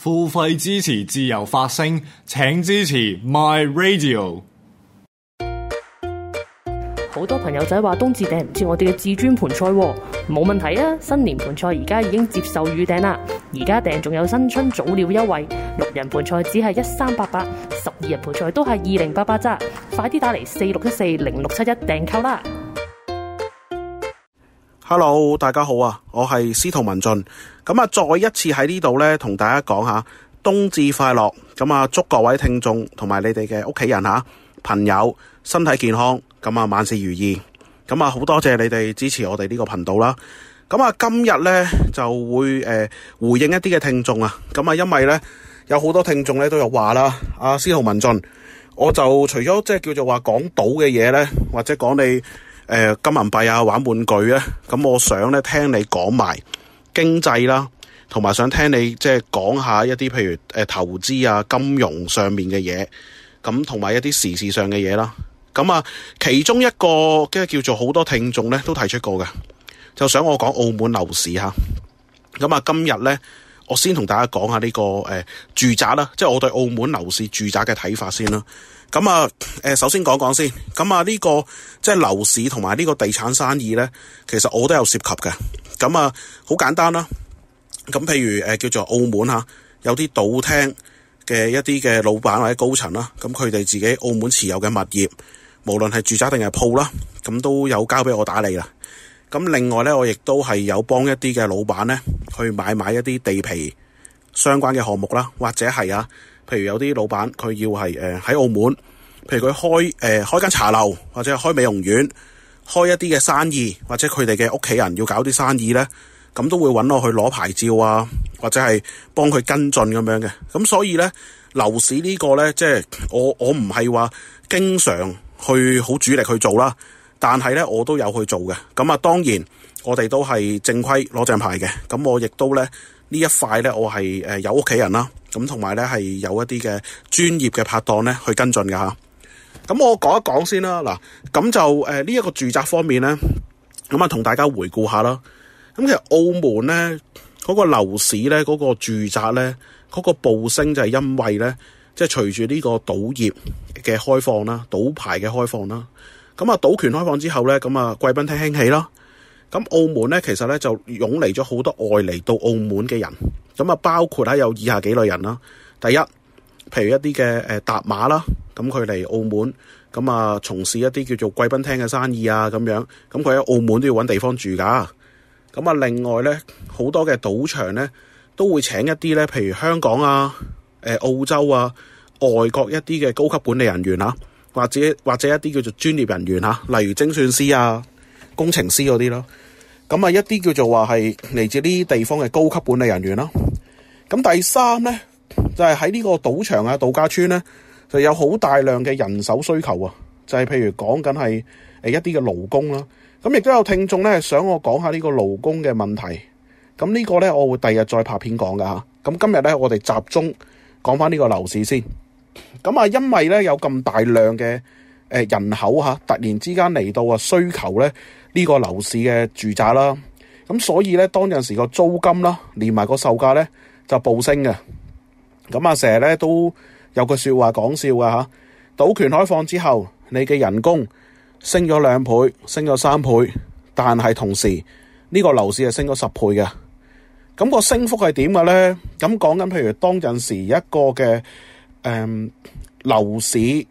付費支持自由發聲，請支持 My Radio。好多朋友仔話冬至訂唔切我哋嘅至尊盤菜喎，冇問題啊！新年盤菜而家已經接受預訂啦，而家訂仲有新春早鳥優惠，六人盤菜只係一三八八，十二人盤菜都係二零八八咋。快啲打嚟四六一四零六七一訂購啦！Hello，大家好啊，我係司徒文進，咁啊，再一次喺呢度呢，同大家講下冬至快樂，咁啊，祝各位聽眾同埋你哋嘅屋企人吓朋友身體健康，咁啊，萬事如意，咁啊，好多謝你哋支持我哋呢個頻道啦，咁啊，今日呢，就會誒回應一啲嘅聽眾啊，咁啊，因為呢，有好多聽眾呢，都有話啦，阿司徒文進，我就除咗即係叫做話講賭嘅嘢呢，或者講你。誒、呃、金銀幣啊，玩玩，玩具咧，咁我想咧聽你講埋經濟啦，同埋想聽你即係講下一啲譬如誒、呃、投資啊、金融上面嘅嘢，咁同埋一啲時事上嘅嘢啦。咁啊，其中一個即係叫做好多聽眾咧都提出過嘅，就想我講澳門樓市吓。咁啊，今日咧，我先同大家講下呢、這個誒、呃、住宅啦，即係我對澳門樓市住宅嘅睇法先啦。咁啊，誒，首先講講先，咁啊呢個即係樓市同埋呢個地產生意呢，其實我都有涉及嘅。咁啊，好簡單啦。咁譬如誒，叫做澳門吓，有啲賭廳嘅一啲嘅老闆或者高層啦，咁佢哋自己澳門持有嘅物業，無論係住宅定係鋪啦，咁都有交俾我打理啦。咁另外呢，我亦都係有幫一啲嘅老闆呢去買買一啲地皮相關嘅項目啦，或者係啊。譬如有啲老闆佢要係誒喺澳門，譬如佢開誒、呃、開間茶樓，或者開美容院，開一啲嘅生意，或者佢哋嘅屋企人要搞啲生意呢，咁都會揾我去攞牌照啊，或者係幫佢跟進咁樣嘅。咁所以呢，樓市呢個呢，即係我我唔係話經常去好主力去做啦，但係呢，我都有去做嘅。咁啊當然，我哋都係正規攞正牌嘅。咁我亦都呢。呢一塊咧，我係誒有屋企人啦，咁同埋咧係有一啲嘅專業嘅拍檔咧去跟進嘅嚇。咁我講一講先啦，嗱，咁就誒呢一個住宅方面咧，咁啊同大家回顧下啦。咁其實澳門咧嗰個樓市咧嗰個住宅咧嗰個暴升就係因為咧，即係隨住呢個賭業嘅開放啦，賭牌嘅開放啦，咁啊賭權開放之後咧，咁啊貴賓廳興起咯。咁澳門咧，其實咧就湧嚟咗好多外嚟到澳門嘅人，咁啊包括喺有以下幾類人啦。第一，譬如一啲嘅誒疊碼啦，咁佢嚟澳門，咁啊從事一啲叫做貴賓廳嘅生意啊，咁樣，咁佢喺澳門都要揾地方住噶。咁啊，另外咧好多嘅賭場咧都會請一啲咧，譬如香港啊、誒澳洲啊、外國一啲嘅高級管理人員啊，或者或者一啲叫做專業人員啊，例如精算師啊。工程師嗰啲咯，咁啊一啲叫做話係嚟自呢啲地方嘅高級管理人員咯。咁第三咧就係喺呢個賭場啊、度假村咧就有好大量嘅人手需求啊。就係譬如講緊係誒一啲嘅勞工啦。咁亦都有聽眾咧想我講下呢個勞工嘅問題。咁呢個咧我會第日再拍片講噶嚇。咁今日咧我哋集中講翻呢個樓市先。咁啊，因為咧有咁大量嘅。誒人口嚇，突然之間嚟到啊，需求咧呢、這個樓市嘅住宅啦，咁、嗯、所以咧當陣時個租金啦，連埋個售價咧就暴升嘅。咁、嗯、啊，成日咧都有句説話講笑嘅嚇。賭權開放之後，你嘅人工升咗兩倍，升咗三倍，但係同時呢、這個樓市係升咗十倍嘅。咁、嗯，那個升幅係點嘅咧？咁講緊譬如當陣時一個嘅誒樓市。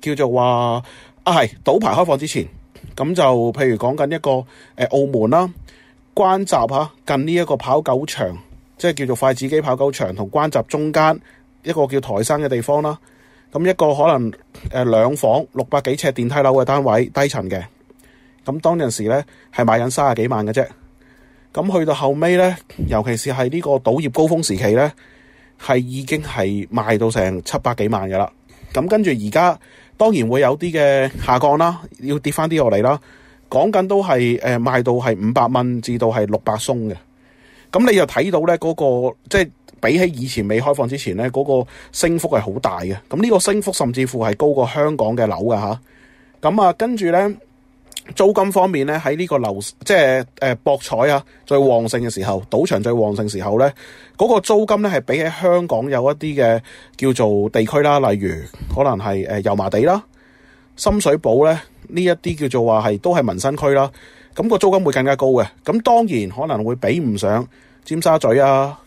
叫做話啊，係賭牌開放之前，咁就譬如講緊一個誒、呃、澳門啦，關閘嚇近呢一個跑狗場，即係叫做筷子基跑狗場同關閘中間一個叫台山嘅地方啦。咁一個可能誒、呃、兩房六百幾尺電梯樓嘅單位，低層嘅，咁當陣時咧係買緊三十幾萬嘅啫。咁去到後尾咧，尤其是係呢個賭業高峰時期咧，係已經係賣到成七百幾萬嘅啦。咁跟住而家。當然會有啲嘅下降啦，要跌翻啲落嚟啦。講緊都係誒賣到係五百蚊至到係六百鬆嘅。咁你又睇到咧，嗰個即係比起以前未開放之前咧，嗰個升幅係好大嘅。咁呢個升幅甚至乎係高過香港嘅樓㗎吓，咁啊跟住咧。租金方面咧，喺呢個樓即係誒、呃、博彩啊，最旺盛嘅時候，賭場最旺盛時候咧，嗰、那個租金咧係比起香港有一啲嘅叫做地區啦，例如可能係誒油麻地啦、深水埗咧呢一啲叫做話係都係民生區啦。咁、那個租金會更加高嘅。咁當然可能會比唔上尖沙咀啊，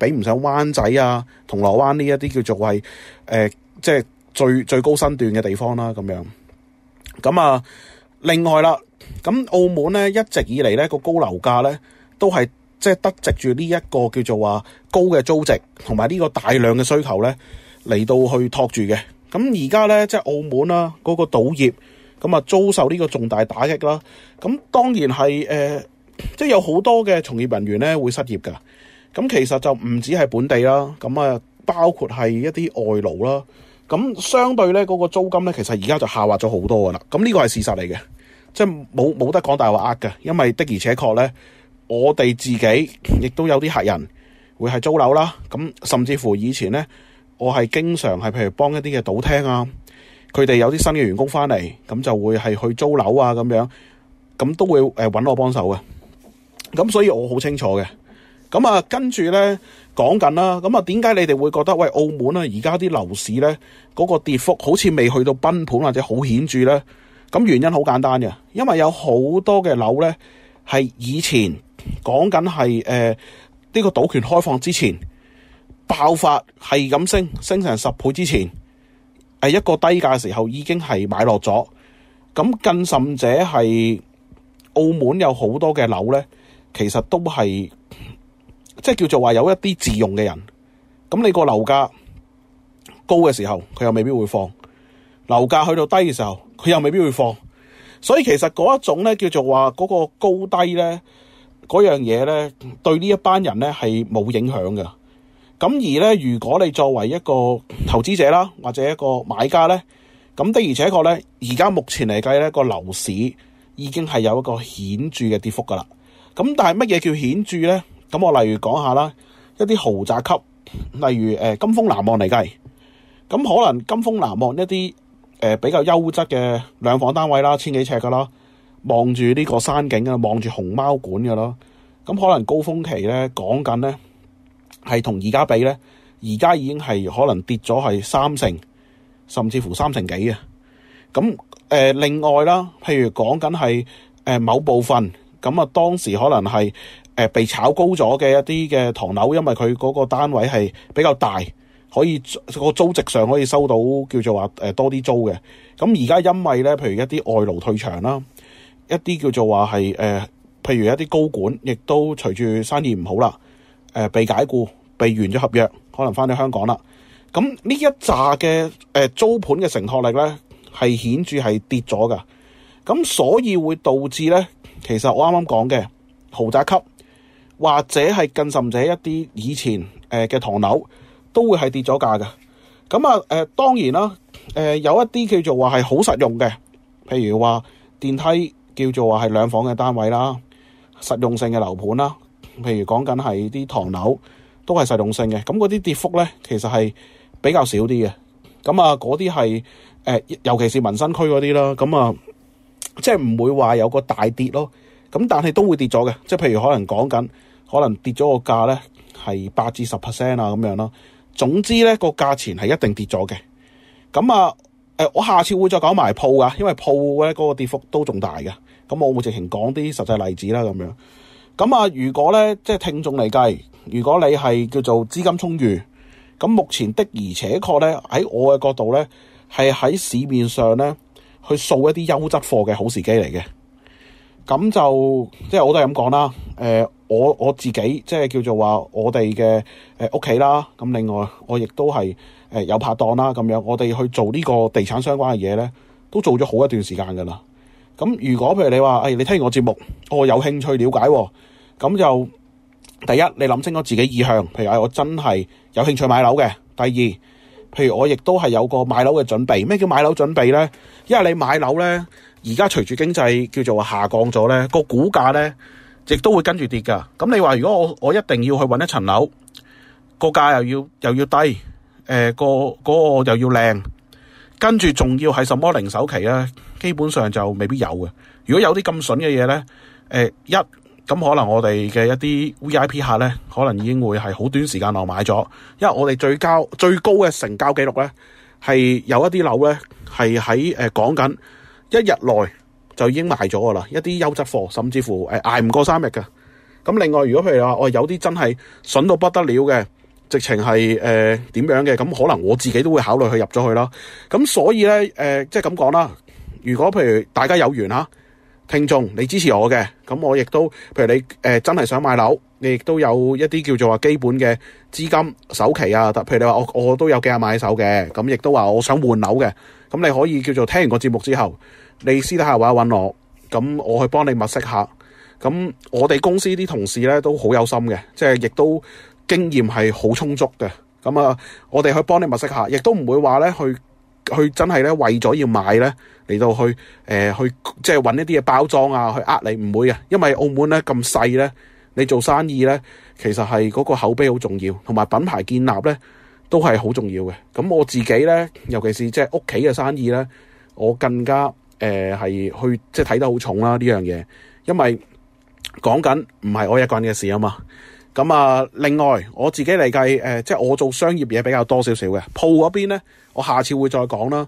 比唔上灣仔啊、銅鑼灣呢一啲叫做係誒、呃、即係最最高身段嘅地方啦。咁樣咁啊。另外啦，咁澳門咧一直以嚟咧個高樓價咧都係即係得藉住呢一個叫做話高嘅租值同埋呢個大量嘅需求咧嚟到去托住嘅。咁而家咧即係澳門啦嗰個賭業咁啊遭受呢個重大打擊啦，咁當然係誒、呃、即係有好多嘅從業人員咧會失業㗎。咁其實就唔止係本地啦，咁啊包括係一啲外勞啦。咁相對咧嗰個租金咧其實而家就下滑咗好多㗎啦。咁呢個係事實嚟嘅。即係冇冇得講大話呃嘅，因為的而且確咧，我哋自己亦都有啲客人會係租樓啦。咁甚至乎以前咧，我係經常係譬如幫一啲嘅賭廳啊，佢哋有啲新嘅員工翻嚟，咁就會係去租樓啊咁樣，咁都會誒揾我幫手嘅。咁所以我好清楚嘅。咁啊，跟住咧講緊啦。咁啊，點解你哋會覺得喂澳門啊，而家啲樓市咧嗰個跌幅好似未去到崩盤或者好顯著咧？咁原因好簡單嘅，因為有好多嘅樓呢，係以前講緊係誒呢個賭權開放之前爆發係咁升升成十倍之前，誒一個低價嘅時候已經係買落咗。咁更甚者係澳門有好多嘅樓呢，其實都係即係叫做話有一啲自用嘅人。咁你個樓價高嘅時候，佢又未必會放，樓價去到低嘅時候。佢又未必會放，所以其實嗰一種咧叫做話嗰個高低咧，嗰樣嘢咧對呢一班人咧係冇影響嘅。咁而咧，如果你作為一個投資者啦，或者一個買家咧，咁的而且確咧，而家目前嚟計咧，個樓市已經係有一個顯著嘅跌幅噶啦。咁但係乜嘢叫顯著咧？咁我例如講下啦，一啲豪宅級，例如誒、呃、金峰南岸嚟計，咁可能金峰南岸一啲。誒比較優質嘅兩房單位啦，千幾尺噶啦，望住呢個山景嘅，望住熊貓館嘅啦。咁可能高峰期咧講緊咧，係同而家比咧，而家已經係可能跌咗係三成，甚至乎三成幾啊。咁誒、呃、另外啦，譬如講緊係誒某部分，咁啊當時可能係誒、呃、被炒高咗嘅一啲嘅唐樓，因為佢嗰個單位係比較大。可以個租值上可以收到叫做話誒、呃、多啲租嘅咁而家因為咧，譬如一啲外勞退場啦，一啲叫做話係誒，譬如一啲高管亦都隨住生意唔好啦，誒、呃、被解僱、被完咗合約，可能翻咗香港啦。咁、嗯、呢一扎嘅誒租盤嘅承托力咧係顯著係跌咗㗎。咁、嗯、所以會導致咧，其實我啱啱講嘅豪宅級或者係更甚者一啲以前誒嘅唐樓。都會係跌咗價㗎。咁啊，誒當然啦，誒有一啲叫做話係好實用嘅，譬如話電梯叫做話係兩房嘅單位啦，實用性嘅樓盤啦，譬如講緊係啲唐樓都係實用性嘅。咁嗰啲跌幅咧，其實係比較少啲嘅。咁啊，嗰啲係誒，尤其是民生區嗰啲啦，咁啊，即係唔會話有個大跌咯。咁但係都會跌咗嘅，即係譬如可能講緊可能跌咗個價咧，係八至十 percent 啊咁樣咯。總之呢個價錢係一定跌咗嘅。咁啊，誒、呃，我下次會再搞埋鋪㗎，因為鋪呢嗰個跌幅都仲大嘅。咁我會直情講啲實際例子啦，咁樣。咁啊，如果呢，即係聽眾嚟計，如果你係叫做資金充裕，咁目前的而且確呢，喺我嘅角度呢，係喺市面上呢去掃一啲優質貨嘅好時機嚟嘅。咁就即係我都係咁講啦，誒、呃。我我自己即係叫做話我哋嘅，誒，屋企啦，咁另外我亦都係誒，有拍檔啦，咁樣我哋去做呢個地產相關嘅嘢咧，都做咗好一段時間噶啦。咁如果譬如你話誒，你聽完我節目，我有興趣了解，咁就第一你諗清楚自己意向，譬如係我真係有興趣買樓嘅。第二，譬如我亦都係有個買樓嘅準備。咩叫買樓準備咧？因為你買樓咧，而家隨住經濟叫做話下降咗咧，個股價咧，亦都會跟住跌㗎。咁你話如果我我一定要去揾一層樓，個價又要又要低，誒、呃、個嗰個又要靚，跟住仲要係什麼零首期咧？基本上就未必有嘅。如果有啲咁筍嘅嘢咧，誒、呃、一咁可能我哋嘅一啲 VIP 客咧，可能已經會係好短時間內買咗，因為我哋最交最高嘅成交記錄咧，係有一啲樓咧係喺誒講緊一日內。就已經賣咗噶啦，一啲優質貨，甚至乎誒、呃、捱唔過三日嘅。咁另外，如果譬如話，我有啲真係筍到不得了嘅，直情係誒點樣嘅，咁可能我自己都會考慮去入咗去啦。咁所以咧誒、呃，即係咁講啦。如果譬如大家有緣嚇，聽眾你支持我嘅，咁我亦都譬如你誒、呃、真係想買樓，你亦都有一啲叫做話基本嘅資金首期啊。譬如你話我我都有幾十萬喺手嘅，咁亦都話我想換樓嘅，咁你可以叫做聽完個節目之後。你私底下話揾我，咁我去幫你物色下。咁我哋公司啲同事咧都好有心嘅，即係亦都經驗係好充足嘅。咁啊，我哋去幫你物色下，亦都唔會話咧去去真係咧為咗要買咧嚟到去誒去即係揾一啲嘢包裝啊，去呃你唔會嘅，因為澳門咧咁細咧，你做生意咧其實係嗰個口碑好重要，同埋品牌建立咧都係好重要嘅。咁我自己咧，尤其是即係屋企嘅生意咧，我更加。誒，係、呃、去即係睇得好重啦呢樣嘢，因為講緊唔係我一個人嘅事啊嘛。咁、嗯、啊，另外我自己嚟計誒，即係我做商業嘢比較多少少嘅鋪嗰邊咧，我下次會再講啦。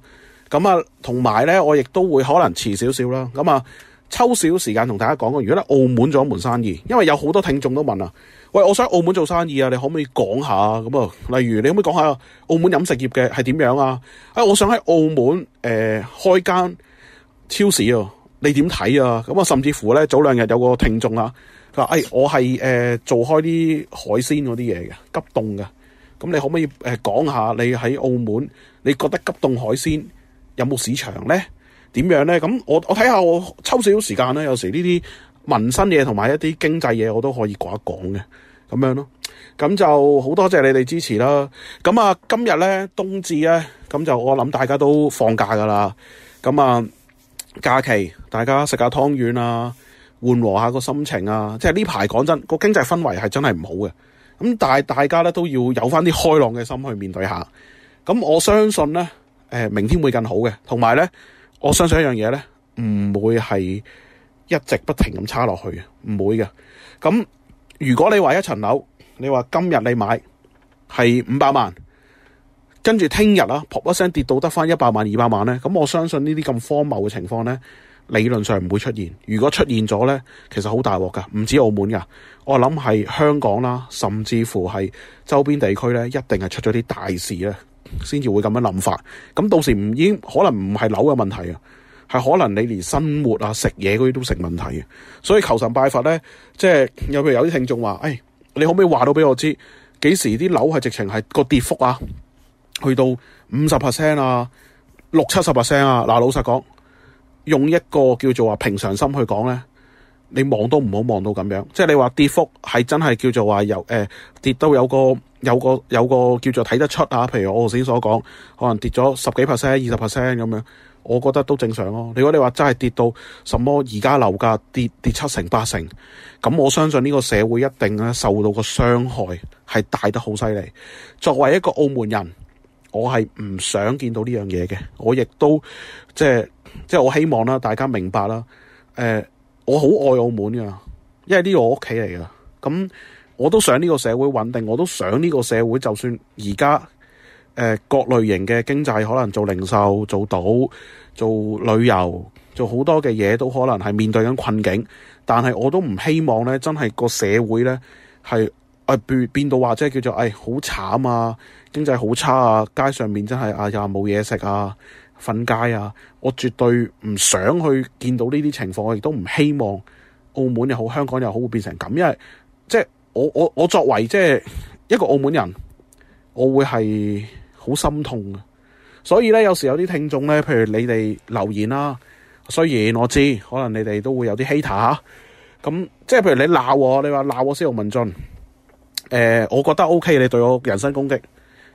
咁、嗯、啊，同埋咧，我亦都會可能遲少少啦。咁、嗯、啊，抽少時間同大家講嘅，如果喺澳門做一門生意，因為有好多聽眾都問啊：「喂，我想喺澳門做生意啊，你可唔可以講下？」咁啊、嗯，例如你可唔可以講下澳門飲食業嘅係點樣啊？誒，我想喺澳門誒、呃、開間。開間呃呃開間超市啊，你點睇啊？咁啊，甚至乎咧，早兩日有個聽眾啊，佢話：，誒、哎，我係誒、呃、做開啲海鮮嗰啲嘢嘅，急凍嘅。咁你可唔可以誒講、呃、下你喺澳門，你覺得急凍海鮮有冇市場咧？點樣咧？咁我我睇下我抽少少時間咧，有時呢啲民生嘢同埋一啲經濟嘢，我都可以講一講嘅，咁樣咯。咁就好多謝你哋支持啦。咁啊，今日咧冬至咧，咁就我諗大家都放假噶啦。咁啊。假期大家食下湯圓啊，緩和下個心情啊。即係呢排講真，個經濟氛圍係真係唔好嘅。咁但係大家咧都要有翻啲開朗嘅心去面對下。咁我相信咧，誒、呃，明天會更好嘅。同埋咧，我相信一樣嘢咧，唔會係一直不停咁差落去，唔會嘅。咁如果你話一層樓，你話今日你買係五百萬，跟住、啊，聽日啦，卜一聲跌到得翻一百萬、二百萬呢。咁我相信呢啲咁荒謬嘅情況呢，理論上唔會出現。如果出現咗呢，其實好大鑊㗎，唔止澳門㗎。我諗係香港啦，甚至乎係周邊地區呢，一定係出咗啲大事啊，先至會咁樣諗法。咁到時唔已經可能唔係樓嘅問題啊，係可能你連生活啊、食嘢嗰啲都成問題啊。所以求神拜佛呢，即係有譬如有啲聽眾話，誒、哎，你可唔可以話到俾我知幾時啲樓係直情係個跌幅啊？去到五十 percent 啊，六七十 percent 啊。嗱，老實講，用一個叫做話平常心去講咧，你望都唔好望到咁樣。即係你話跌幅係真係叫做話由誒跌到有個有個有個叫做睇得出啊。譬如我頭先所講，可能跌咗十幾 percent，二十 percent 咁樣，我覺得都正常咯，啊。如果你話真係跌到什麼而家樓價跌跌七成八成咁，我相信呢個社會一定咧受到個傷害係大得好犀利。作為一個澳門人。我係唔想見到呢樣嘢嘅，我亦都即係即係我希望啦，大家明白啦。誒、呃，我好愛澳門噶，因為呢個我屋企嚟噶。咁我都想呢個社會穩定，我都想呢個社會就算而家誒各類型嘅經濟可能做零售、做賭、做旅遊、做好多嘅嘢，都可能係面對緊困境。但係我都唔希望咧，真係個社會咧係。誒變變到話，即係叫做唉，好、哎、慘啊，經濟好差啊，街上面真係啊又冇嘢食啊，瞓街啊。我絕對唔想去見到呢啲情況，我亦都唔希望澳門又好，香港又好會變成咁。因為即係我我我作為即係一個澳門人，我會係好心痛。所以咧，有時有啲聽眾咧，譬如你哋留言啦、啊，雖然我知可能你哋都會有啲 hater 吓、啊，咁、啊、即係譬如你鬧我，你話鬧我，司徒文進。誒、呃，我覺得 O、OK, K，你對我人身攻擊。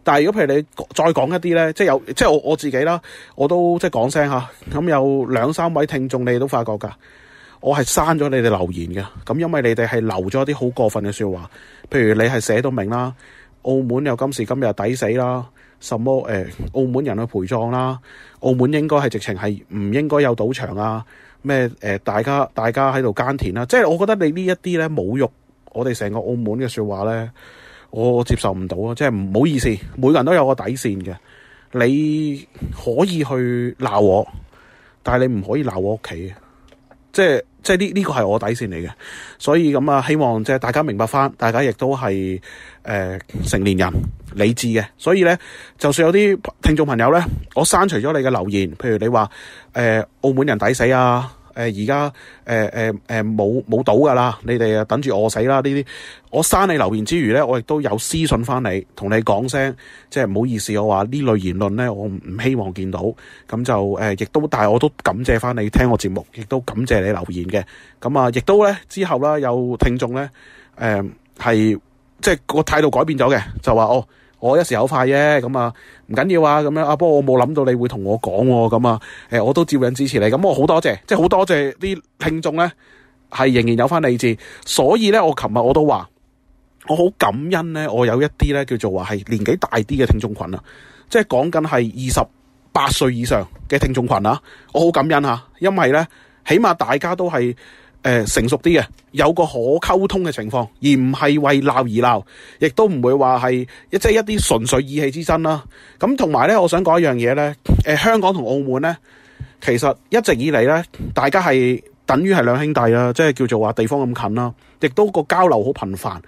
但係如果譬如你再講一啲咧，即係有，即係我我自己啦，我都即係講一聲嚇。咁有兩三位聽眾，你都發覺㗎，我係刪咗你哋留言嘅。咁因為你哋係留咗啲好過分嘅説話，譬如你係寫到明啦，澳門有今時今日抵死啦，什麼誒、呃，澳門人去陪葬啦，澳門應該係直情係唔應該有賭場啊，咩誒、呃，大家大家喺度耕田啦、啊。即係我覺得你呢一啲咧侮辱。我哋成個澳門嘅説話咧，我接受唔到啊！即係唔好意思，每個人都有個底線嘅。你可以去鬧我，但係你唔可以鬧我屋企，即係即係呢呢個係我底線嚟嘅。所以咁啊，希望即係大家明白翻，大家亦都係誒、呃、成年人、理智嘅。所以咧，就算有啲聽眾朋友咧，我刪除咗你嘅留言。譬如你話誒、呃、澳門人抵死啊！誒，而家誒誒誒冇冇到噶啦，你哋啊等住餓死啦呢啲。我刪你留言之餘咧，我亦都有私信翻你，同你講聲，即係唔好意思，我話呢類言論咧，我唔唔希望見到。咁就誒，亦、呃、都，但係我都感謝翻你聽我節目，亦都感謝你留言嘅。咁啊，亦都咧之後啦，有聽眾咧，誒、呃、係即係個態度改變咗嘅，就話哦。我一時口快啫，咁啊唔緊要啊，咁樣啊。不過、啊、我冇諗到你會同我講喎、啊，咁啊誒、欸，我都照樣支持你。咁、啊、我好多謝，即係好多謝啲聽眾咧，係仍然有返理智，所以咧我琴日我都話我好感恩咧。我有一啲咧叫做話係年紀大啲嘅聽眾群啊，即係講緊係二十八歲以上嘅聽眾群啊。我好感恩嚇，因為咧起碼大家都係。呃、成熟啲嘅，有個可溝通嘅情況，而唔係為鬧而鬧，亦都唔會話係一即係一啲純粹意氣之爭啦、啊。咁同埋呢，我想講一樣嘢呢，誒、呃、香港同澳門呢，其實一直以嚟呢，大家係等於係兩兄弟啦，即係叫做話地方咁近啦、啊，亦都個交流好頻繁。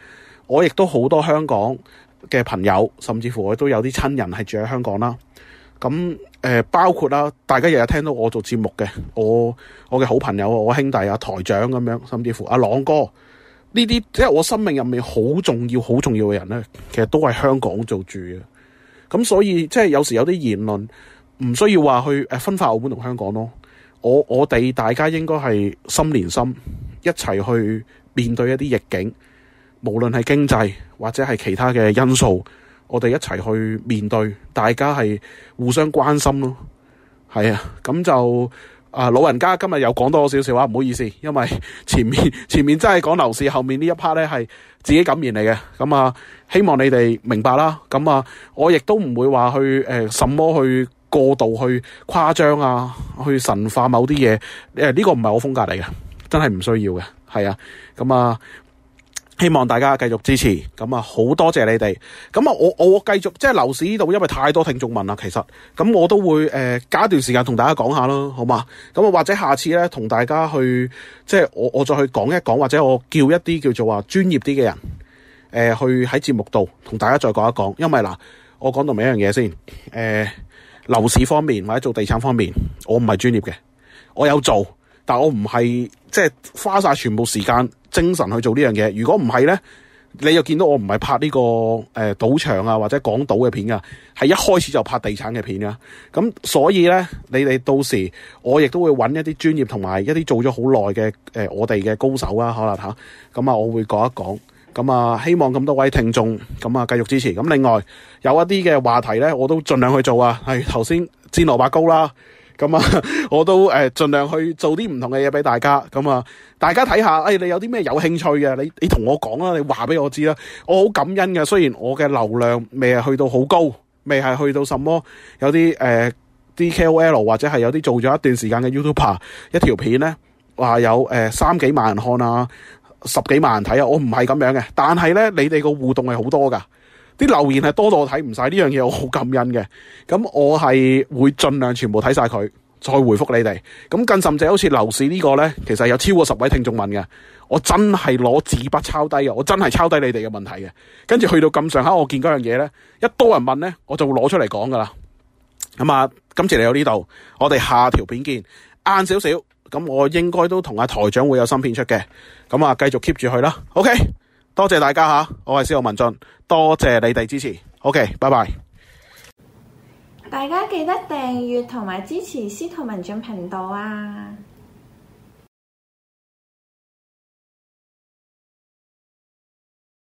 我亦都好多香港嘅朋友，甚至乎我都有啲親人係住喺香港啦。咁誒、呃、包括啦、啊，大家日日聽到我做節目嘅，我我嘅好朋友啊，我兄弟啊，台長咁樣，甚至乎阿、啊、朗哥呢啲，即係我生命入面好重要、好重要嘅人咧，其實都係香港做住嘅。咁所以即係有時有啲言論唔需要話去誒分化澳門同香港咯。我我哋大家應該係心連心，一齊去面對一啲逆境，無論係經濟或者係其他嘅因素。我哋一齊去面對，大家係互相關心咯。係啊，咁就啊老人家今日又講多少少話，唔好意思，因為前面前面真係講樓市，後面一呢一 part 咧係自己感言嚟嘅。咁、嗯、啊，希望你哋明白啦。咁、嗯、啊，我亦都唔會話去誒、呃，什麼去過度去誇張啊，去神化某啲嘢誒，呢、呃這個唔係我風格嚟嘅，真係唔需要嘅。係啊，咁、嗯、啊。希望大家繼續支持，咁啊好多謝你哋，咁啊我我繼續即係樓市呢度，因為太多聽眾問啦，其實咁我都會誒隔、呃、一段時間同大家講下咯，好嘛？咁啊或者下次咧同大家去即係我我再去講一講，或者我叫一啲叫做話專業啲嘅人誒、呃、去喺節目度同大家再講一講，因為嗱、呃、我講到明一樣嘢先，誒、呃、樓市方面或者做地產方面，我唔係專業嘅，我有做，但我唔係即係花晒全部時間。精神去做呢樣嘢，如果唔係咧，你就見到我唔係拍呢個誒賭場啊或者港島嘅片噶，係一開始就拍地產嘅片噶。咁所以咧，你哋到時我亦都會揾一啲專業同埋一啲做咗好耐嘅誒，我哋嘅高手啦，可能嚇。咁啊，我會講一講。咁啊，希望咁多位聽眾咁啊繼續支持。咁另外有一啲嘅話題咧，我都盡量去做啊。係頭先煎蘿蔔糕啦。咁啊，我都誒、呃、盡量去做啲唔同嘅嘢俾大家。咁啊，大家睇下，誒、哎、你有啲咩有興趣嘅，你你同我講啊，你話俾我知啦。我好感恩嘅，雖然我嘅流量未係去到好高，未係去到什麼，有啲誒啲、呃、KOL 或者係有啲做咗一段時間嘅 YouTuber，一條片咧話有誒、呃、三幾萬人看啊，十幾萬人睇啊，我唔係咁樣嘅。但係咧，你哋個互動係好多噶。啲留言係多到我睇唔晒，呢樣嘢，我好感恩嘅。咁我係會盡量全部睇晒佢，再回覆你哋。咁更甚至好似樓市呢個呢，其實有超過十位聽眾問嘅，我真係攞紙筆抄低嘅，我真係抄低你哋嘅問題嘅。跟住去到咁上下，我見嗰樣嘢呢，一多人問呢，我就會攞出嚟講噶啦。咁啊，今次嚟到呢度，我哋下條片見晏少少。咁我應該都同阿台長會有新片出嘅。咁啊，繼續 keep 住去啦。OK。多謝大家吓、啊，我係司徒文進，多謝你哋支持，OK，拜拜。大家記得訂閱同埋支持司徒文進頻道啊！